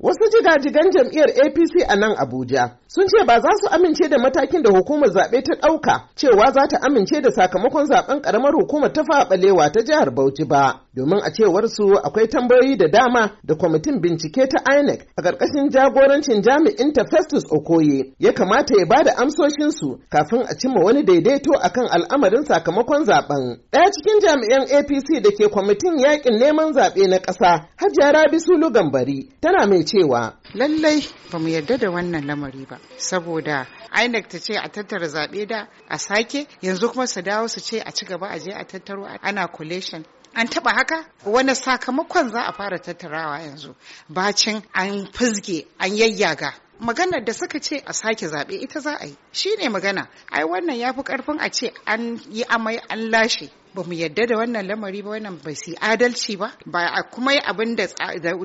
Wasu jigajigan jam'iyyar APC a nan Abuja sun ce ba za su amince da matakin da hukumar zaɓe ta ɗauka cewa za ta amince da sakamakon zaɓen ƙaramar hukumar ta faɓalewa ta jihar Bauchi ba. Domin a cewar su akwai tambayoyi da dama da kwamitin bincike ta INEC a ƙarƙashin jagorancin jami'in ta Festus Okoye ya kamata ya bada amsoshin su kafin a cimma wani daidaito akan al'amarin sakamakon zaɓen. Ɗaya cikin jami'an APC da ke kwamitin yaƙin neman zaɓe na ƙasa Hajiya Rabi Sulu Gambari tana mai cewa lallai ba mu yarda da wannan lamari ba saboda INEC ta ce a tattara zaɓe da a sake yanzu kuma su dawo su ce a ci gaba a je a tattaro ana collation an taba haka wani sakamakon za a fara tattarawa yanzu bacin an fizge an yayyaga maganar da suka ce a sake zaɓe ita za a yi shi ne magana ai wannan ya fi ƙarfin a ce an yi amai an lashe ba mu yadda da wannan lamari ba wannan ba su adalci ba ba a kuma yi abin da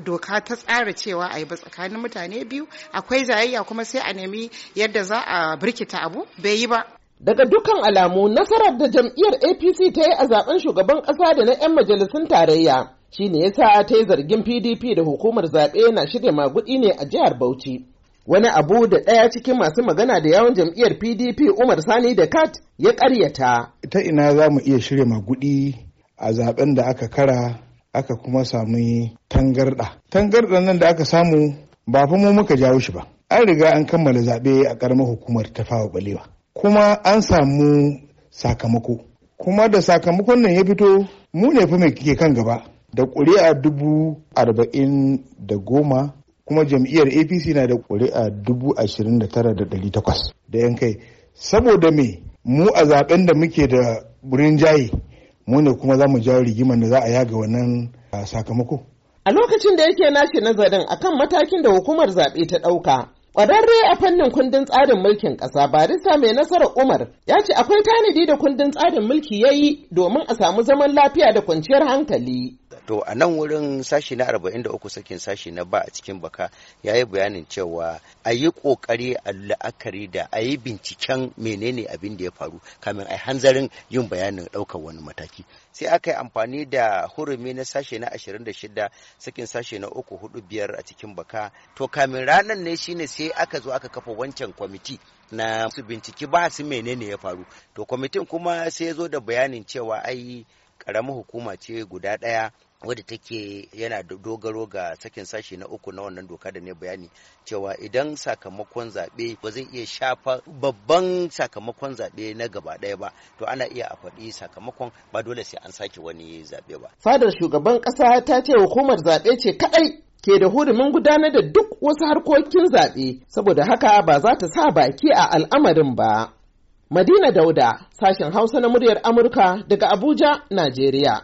doka ta tsara cewa a yi ba tsakanin mutane biyu akwai zayayya kuma sai a nemi yadda za a birkita abu bai yi ba daga dukkan alamu nasarar da jam'iyyar apc ta yi a zaben shugaban kasa da na 'yan majalisun tarayya shine yasa ta yi zargin pdp da hukumar zaɓe na shirya maguɗi ne a jihar bauchi wani abu da ɗaya cikin masu magana da yawon jam'iyyar pdp umar sani da kat ya ƙaryata ta ina za mu iya shirya magudi a zaben da aka kara aka kuma samu tangarɗa tangarɗa nan da aka samu ba fa mu muka jawo shi ba an riga an kammala zaɓe a ƙaramar hukumar ta fawa balewa kuma an samu sakamako kuma da sakamakon nan ya fito mu ne fa mai ke kan gaba da ƙuri'a dubu arba'in da goma kuma jam'iyyar apc na da ƙuri'a dubu ashirin da tara da ɗari takwas da yan kai saboda me mu a zaben da muke da jaye, mu ne kuma za mu jawo rigimar da za a yaga wannan sakamako a lokacin da yake nashi nazarin akan matakin da hukumar zaɓe ta ɗauka Ƙwararre a fannin kundin tsarin mulkin ƙasa barista mai nasarar Umar ya ce akwai tanadi da kundin tsarin mulki ya yi domin a samu zaman lafiya da kwanciyar hankali. to a nan wurin sashi na 43 sakin sashi na ba a cikin baka ya yi bayanin cewa a yi kokari a la'akari da a yi binciken menene abin da ya faru kamin a hanzarin yin bayanin ɗaukar wani mataki sai aka yi amfani da hurumi na sashe na 26 sakin sashe na 345 a cikin baka to kamin ranar ne shine sai aka zo aka kafa wancan kwamiti na su binciki ba su menene ya faru to kwamitin kuma sai ya zo da bayanin cewa ai karamar hukuma ce guda ɗaya wadda take yana dogaro ga sakin sashi na uku na wannan doka da ne bayani cewa idan sakamakon zaɓe ba zai iya shafa babban sakamakon zaɓe na gaba ɗaya ba to ana iya a faɗi sakamakon ba dole sai an sake wani zaɓe ba. fadar shugaban ƙasa ta ce hukumar zaɓe ce kaɗai ke da hurumin gudanar da duk wasu harkokin zaɓe saboda haka ba za ta sa baki a al'amarin ba. Madina Dauda, sashen Hausa na muryar Amurka daga Abuja, Najeriya.